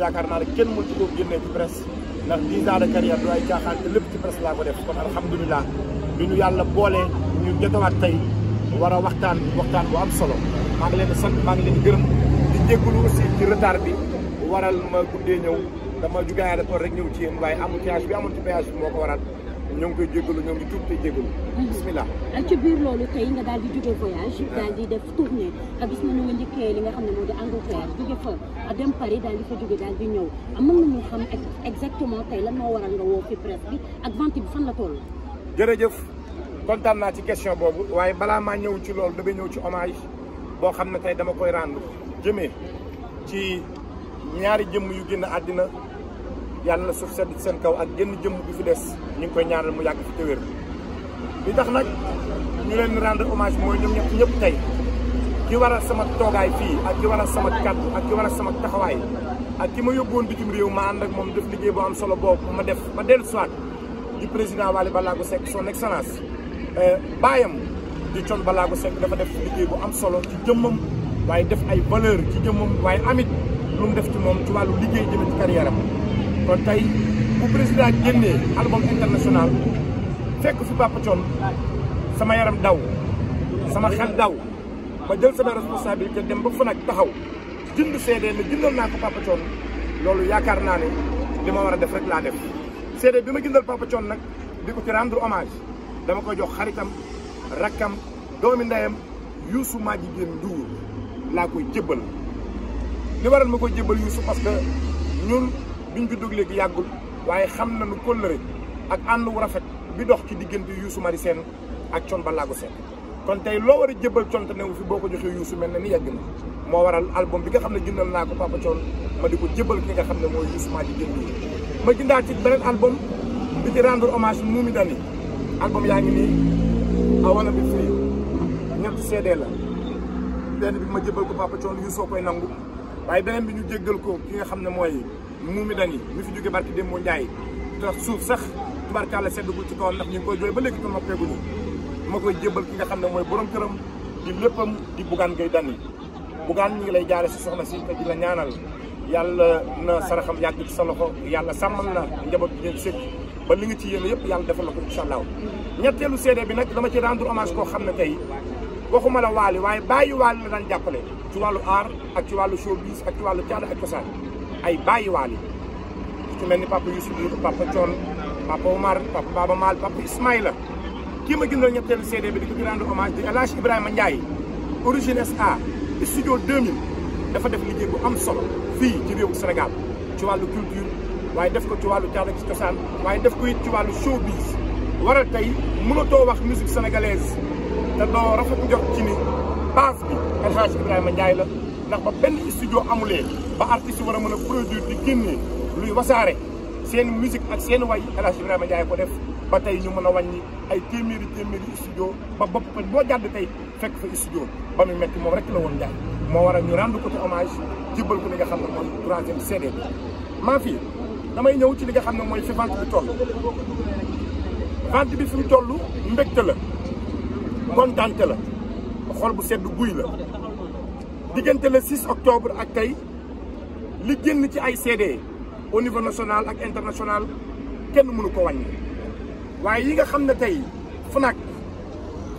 yaakaar naa ne kenn mënu ci ko génnee ci presse ndax dix ans du ay caaxaan te lépp ci presse laa ko def kon alhamdulilah bi ñu yàlla boolee ñu jotawaat tey war a waxtaan waxtaan bu am solo maa ngi leen di sant maa ngi leen di gërëm di aussi ci retard bi waral ma guddee ñëw dama juge aéroport rek ñëw ci yéen waaye amu péage bi amul ci péage bi moo ko waral ñoo ngi koy jégalu ñoo ngi tuub te jégalu. Mhm. bisimilah. ci biir loolu tey nga daal di jóge voyage. daal di def tournée gis nañu nga njëkkee li nga xam ne moo di Angleterre jóge fa dem Paris daal di fa jóge daal di ñëw mën nañu xam exactement tey lan moo waral nga woo fi presse ak vente bi fan la toll. jërëjëf kontaan naa ci question boobu waaye balaa maa ñëw ci loolu damay ñëw ci omage boo xam ne tey dama koy rendre jëmee ci ñaari jëmm yu génn àddina. yalla suuf sedd sen kaw ak genn jëm bi fi dess ñu ngi koy ñaanal mu yag fi teewer bi tax nak ñu leen rendre hommage moy ñom ñëpp ñëpp tay ki waral sama togaay fi ak ki waral sama kat ak ki waral sama taxaway ak ki ma yóbbuwoon bitim rew ma and ak mom def liggey bu am solo bok ma def ma del soit di président wali Ballago sek son excellence euh bayam di chon Ballago sek dafa def liggey bu am solo ci jëmum waye def ay valeur ci jëmum waye amit lu mu def ci mom ci walu liggey jëm ci carrière kon tey bu président génnee album international fekk fi Papa sama yaram daw sama xel daw ma jël sama responsabilité dem ba fa nag taxaw jënd CD ne jëndal naa ko Papa loolu yaakaar naa ne li ma war a def rek laa def CD bi ma jëndal Papa nag di ko ci rendre hommage dama koy jox xaritam rakkam doomi ndeyam Youssou maa jigéen Ndour laa ko jébbal li waral ma koy jébbal Youssou parce ñun biñ juddoog léegi yàggul waaye xam ko kóllëre ak ànd wu rafet bi dox ci diggante Youssou Mari Sène ak Thione ko Seck kon tey loo war a jëbal Thione newu fi boo ko joxee Youssou mel na ni yàgg na moo waral album bi nga xam ne jëndal naa ko Papa Thione ma di ko jëbal ki nga xam ne mooy Youssou Madi Dieng ma jëndaat ci beneen album di ci rendre hommage Moumi Dani album yaa ngi nii awana bi fii la benn bi ma jëbal ko Papa Thione Youssou koy nangu waaye beneen bi ñu jéggal ko ki nga xam ne mooy Moumi Dany mi fi jóge barki démb Ndiaye tax suuf sax tubaarkàlla seddugul ci kaw ndax ñu ngi koy jooy ba léegi ko noppeeguñu ma koy jébbal ki nga xam ne mooy borom këram di léppam di Bougane Gueye Dany Bougane mu ngi lay jaare si soxna si te di la ñaanal yàlla na saraxam yàgg ci sa loxo yàlla sàmmal na njaboot bi ngeen sëkk ba li nga ci yéene yëpp yàlla defal la ko incha allah ñetteelu seede bi nag dama ci rendre hommage koo xam ne tey waxuma la waali waaye bàyyi waali la daan jàppale ci wàllu aar ak ci wàllu showbiz ak ci wàllu caada ak cosaan ay bàyyiwaale ku mel ni papa Youssou Ndour papa Thione papa Omar papa Baba Maal papa Ismaïla kii ma gënal ñetteelu CD bi di ko rendre hommage di El Hadj Ibrahima Ndiaye origine SA studio 2000 dafa def liggéey bu am solo fii ci réewu senegal ci wàllu culture waaye def ko ci wàllu caada ci cosaan waaye def ko it ci wàllu war a tey mënatoo wax musique sénégalaise te doo rafet njort ci ni base bi El Hadj Ibrahima Ndiaye la. ndax ba benn studio amulee ba artiste war a mën a produire di génne luy wasaare seen musique ak seen way El Hadj Ibrahima Ndiaye ko def ba tey ñu mën a wàññi ay téeméeri téeméeri studio ba bopp boo jàdd tey fekk fa studio ba mu metti moom rek la woon Ndiaye moo war a ñu rendre ko ci hommage jébbal ko li nga xam ne mooy troisième CD bi maa fii damay ñëw ci li nga xam ne mooy fi vente bi toll vente bi fi mu toll mbégte la kontante la xol bu sedd guy la diggante le 6 octobre ak tay li génn ci ay CD au niveau national ak international kenn mënu ko wàññi waaye yi nga xamné tay tey FNAC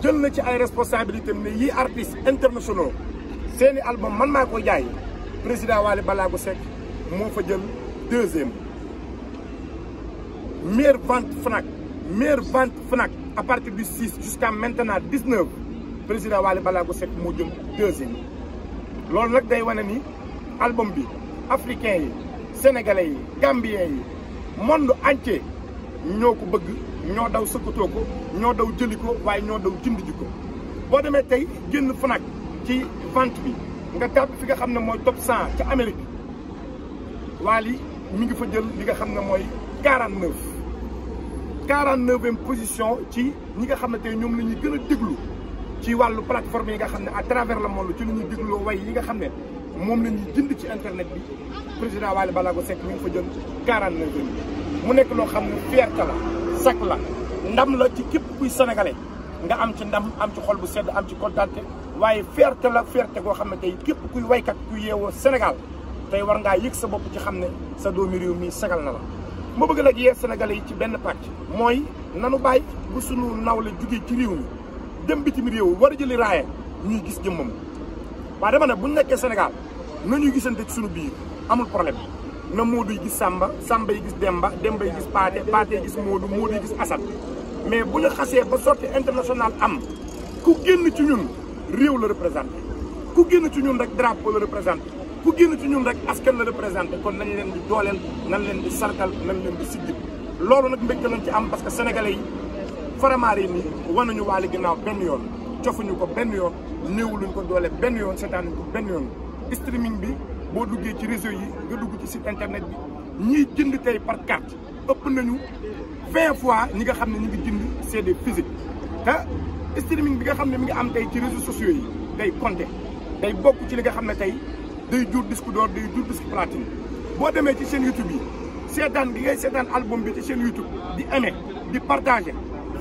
jël na ci ay responsabilité ne yi artistes internationaux seeni album man ma koy jaay président wali balagu sek mo fa jël deuxième meilleure vente FNAC meilleure vente FNAC à partir du 6 jusqu'à maintenant 19 président Waly Balago Seck moo jël deuxième loolu nag day wane ni album bi africain yi sénégalais yi gambien yi man monde entier ñoo ko bëgg ñoo daw sëkkatoo ko ñoo daw jëli ko waaye ñoo daw jënd ji ko boo demee tey génn Fnac ci vente bi nga tàbb fi nga xam ne mooy top 100 ca Amérique Wally mi ngi fa jël li nga xam ne mooy 49 49e position ci ñi nga xam ne tey ñoom lañuy ñuy a déglu ci wàllu plateforme yi nga xam ne à travers le monde ci lu ñuy dégloo way yi nga xam ne moom la ñuy jënd ci internet bi président Wally Ballago Seck mi ngi fa jël 49 heures mu nekk loo xam ne fierté la sac la ndam la ci képp kuy sénégalais nga am ci ndam am ci xol bu sedd am ci kontaante waaye fierté la fierté goo xam ne tey képp kuy waykat ku yeewoo Sénégal tey war ngaa yëg sa bopp ci xam ne sa doomi réew mii sagal na la ma bëgg nag yee sénégalais yi ci benn pàcc mooy nanu bàyyi bu sunu nawle jugee ci réew mi dem bitim réew war a jëli raaye ñuy gis jëmmam waaye dama ne bu ñu nekkee Sénégal nañuy gisante ci suñu biir amul problème na Modou yi gis Samba Samba yi gis Demba Demba yi gis Paate Paate yi gis Modou Modou yi gis Assane mais bu ñu xasee ba sortie internationale am ku génn ci ñun réew la représenté ku génn ci ñun rek drapeau la représenté ku génn ci ñun rek askan la représenté kon nañu leen di dooleel nañ leen di sarkal nañ leen di sigil loolu nag mbégte lañ ci am parce que sénégalais Faramare nii wanuñu Wally ginnaaw benn yoon cofuñu ko benn yoon néewuluñ ko doole benn yoon seetaanuñ ko benn yoon streaming bi boo duggee ci réseau yi nga dugg ci si internet bi ñiy jënd tey par carte ëpp nañu vingt fois ñi nga xam ne ñu ngi jënd CD physique te streaming bi nga xam ne mi ngi am tey ci réseaux sociaux yi day compter day bokk ci li nga xam ne tey day jur disque d'or day jur disque platine boo demee ci seen YouTube yi seetaan gi ngay seetaan album bi ci chaîne YouTube di aimer di partager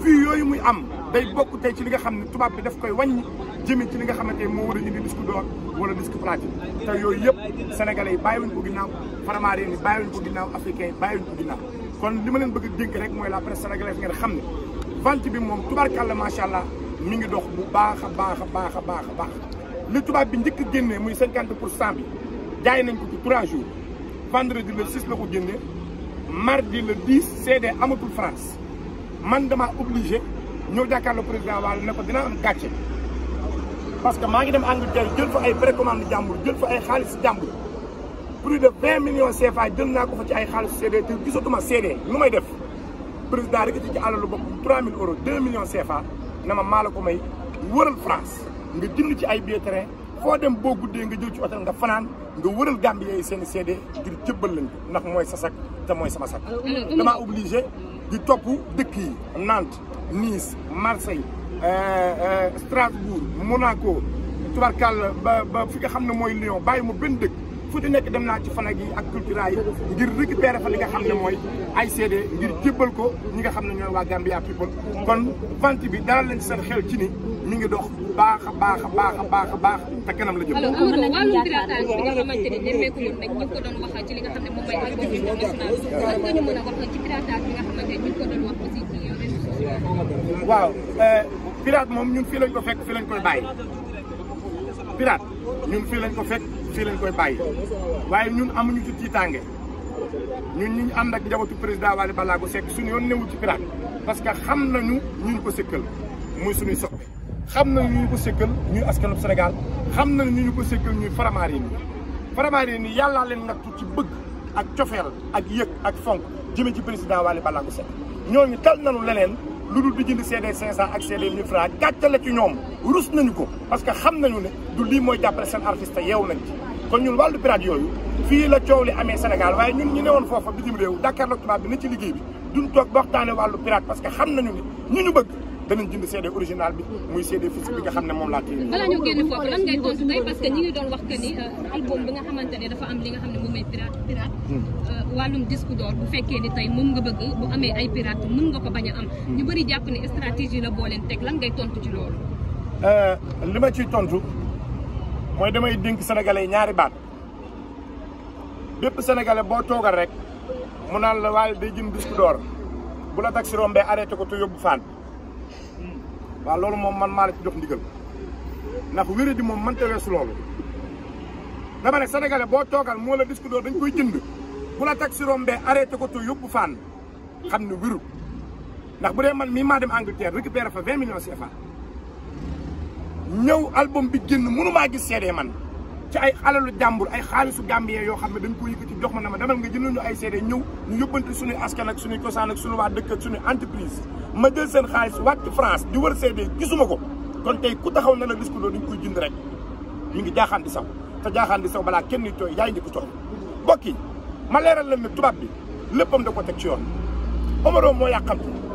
vues yooyu muy am day bokk tey ci li nga xam ne tubaab bi daf koy wàññi jëmee ci li nga xamante ne moo war a indi disque d'or wala disque platine te yooyu yëpp sénégalais yi bàyyiwuñ ko ginnaaw faramareen yi bàyyiwuñ ko ginnaaw africain yi bàyyiwuñ ko ginnaaw kon li ma leen bëgg a dénk rek mooy la presse sénégalaise ngeen xam ne vente bi moom tubaarkàlla macha allah mi ngi dox bu baax a baax a baax a baax a baax li tubaab bi njëkk a génnee muy cinquante pour cent bi jaay nañ ko ci trois jours vendredi le six la ko génnee mardi le dix CD amatul France man dama obligé ñëw le président Wade ne ko dina am gàcce parce que ma ngi dem Angleterre jël fa ay précommande jambour jël fa ay xaliss jambour plus de 20 millions CFA jël naa ko fa ci ay xaliss CD te gisatuma CD nu may def président rek ci alalu bopp 3000 euros 2 millions CFA nama ma ko may wëral France nga jënd ci ay billets train fo dem bo guddee nga jël ci hôtel nga fanaan nga wëral Gambie yooyu seen CD ngir jëbbal lañ ko ndax mooy sa te mooy sama sac dama obligé di topp dëkk yi Nantes Nice Marseille euh, euh, Strasbourg Monaco tubarkàll ba ba fi nga xam ne mooy Lyon bàyyi mu benn dëkk fu di nekk dem naa ci fanag yi ak cultura yi ngir récupérer fa li nga xam ne mooy ay CD ngir jébbal ko ñi nga xam ne ñooy waa Gambia people kon vente bi dalal leen seen xel ci ni mi ngi dox baax a baax a baax a baax a baax te kanam la jëm. alors ko moom mooy a wax ci waaw euh, pirate moom ñun fii lañ ko fekk fii lañ koy bàyyi ñun fii ko fekk. fii lañ koy bàyyi waaye ñun amuñu ci tiitaange ñun ñu ànd ak njabootu président Wally Ballago Seck suñu yoon newu ci piraat parce que xam nañu ñu ñu ko sëkkal muy suñuy soppe xam nañu ñu ko sëkkal ñuy askanu Sénégal xam nañu ñu ko sëkkal ñuy Faramareen yi Faramareen yi yàllaa leen nattu ci bëgg ak cofeel ak yëg ak fonk jëme ci président Wally Ballago Seck ñooñu tal nañu leneen lu dul di jënd CD 500 ak CD 1000 francs gàccale ci ñoom rus nañu ko parce que xam nañu ne du lii mooy jàppale seen artiste yeewu nañ ci kon ñun wàllu pirate yooyu fii la coow li amee Sénégal waaye ñun ñu ne woon foofa bitim réew Dakar la tubaab bi na ci liggéey bi duñ toog ba waxtaane wàllu pirate parce que xam nañu ni ñu ñu bëgg danañ jënd CD original bi muy CD physique bi nga xam ne moom laa téye. balaa ñu génn foofu lan ngay tontu tey parce que ñi ngi doon wax que ni euh, album bi nga xamante dafa am li nga xam ne moom mooy pirate pirate. Hmm. Euh, wàllum disque d'or bu fekkee ni tey moom nga bëgg bu amee ay pirate a am. Hmm. ñu bëri jàpp ne stratégie la boo leen teg lan ngay tontu mooy damay dénk sénégalais yi ñaari baat bépp sénégalais boo toogal rek mu naan la waaye day jënd disque d'or bu la taxi rombee arrêté ko te yóbbu faan waaw loolu moom man maa la ci jox ndigal ndax wéré di moom mënta weesu loolu dama ne senegale boo toogal moo la disque d'or dañ koy jënd bu la taxi rombee arrêté ko te yóbbu faan xam ne wéru ndax bu dee man mii maa dem Angleterre récupéré fa vingt millions CFA ñëw album bi génn mënumaa gis CD man ci ay alalu jàmbur ay xaalisu gambien yoo xam ne dañ ko yëkkati jox ma na ma demal nga jëndal ñu ay CD ñëw ñu yóbbante suñu askan ak suñuy cosaan ak suñu waa dëkk ak suñuy entreprise ma jël seen xaalis wàcc France di wër CD gisuma ko kon tey ku taxaw na la risque doo dañ koy jënd rek ñu ngi jaaxaan di saw te jaaxaan di saw balaa kenn tooy yaay njëkk tooy bokki ma leeral leen ne tubaab bi léppam da ko teg ci yoon Omaro moo yàqamti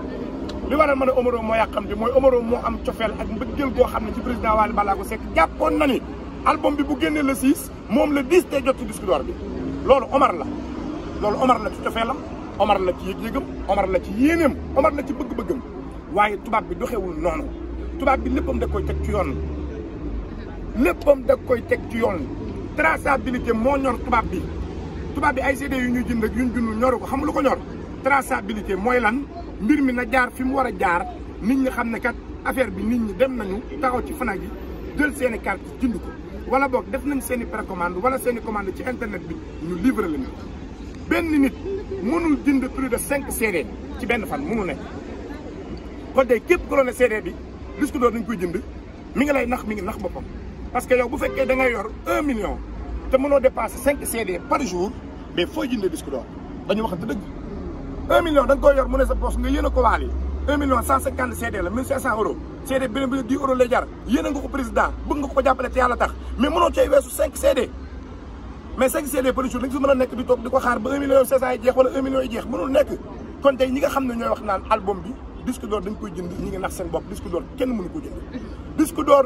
li waral ma ne Omaro moo yàqamti mooy Omaro moo am cofeel ak mbëggeel goo xam ne ci président Wally Ballago Seck jàppoon na ni album bi bu génnee le 6 moom la 10 te jot ci disque d'or bi loolu Omar la loolu Omar la ci cofeelam Omar la ci yëg-yëgam Omar la ci yéeneem Omar la ci bëgg-bëggam waaye tubaab bi doxewul noonu tubaab bi léppam da koy teg ci yoon léppam da koy teg ci yoon li traçabilité moo ñor tubaab bi tubaab bi ay CD yu ñuy jënd ak yu ñu jëndul ñoru ko xam lu ko ñor mooy lan mbir mi na jaar fi mu war a jaar nit ñi xam ne kat affaire bi nit ñi dem nañu taxaw ci Fnac yi jël seeni i carte jënd ko wala boog def nañ seen i précommande wala seeni i commande ci internet bi ñu livré lañu benn nit mënul jënd plus de cinq CD ci benn fan mënul nekk kon képp ku doon ne CD bi disque d'or nañ koy jënd mu ngi lay nax mi ngi nax boppam parce que yow bu fekkee da yor un million te mënoo dépasser cinq CD par jour mais foo jëndee disque d'or dañu waxante dëgg un million da nga koy yor mu ne sa poche nga yéen ko waal yi un million cent cinquante CD la mille cinq cent euros CD beneen bi dix euros lay jar yéen nga ko président bëgg nga ko jàppale te yàlla tax mais mënoo cay weesu cinq CD mais cinq CD par jour si mën a nekk di toog di ko xaar ba un million cinq cent yi jeex wala un million yi jeex mënul nekk kon tey ñi nga xam ne ñooy wax naan album bi disque d'or dañ koy jënd ñi ngi nax seen bopp disque d'or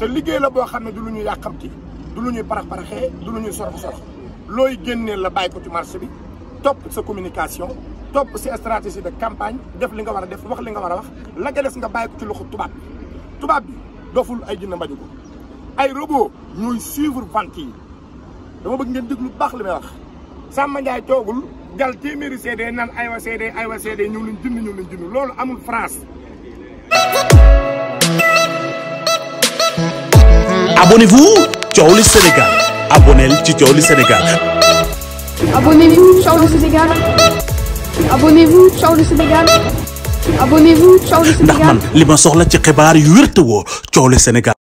la liggéey la boo xam ne du lu ñuy yàqamti du lu ñuy parax paraxee du lu ñuy sorox sorox looy génnee bi Top communication top stratégie de campagne def li nga wara def wax li nga wara wax la nga nga bayiko ci bi ay ay suivre vente dama bëgg ngeen déglu bax li may wax nan CD wa CD ñu luñu ñu luñu loolu amul France. Abonnez-vous Thiowli Sénégal abonnez vous Sénégal. Abonnez-vous, ciao le Sénégal. Abonnez-vous, ciao le Sénégal. Abonnez-vous, ciao le Sénégal. ndax man li ma soxla ci xibaar yu wér te woo coow le Sénégal.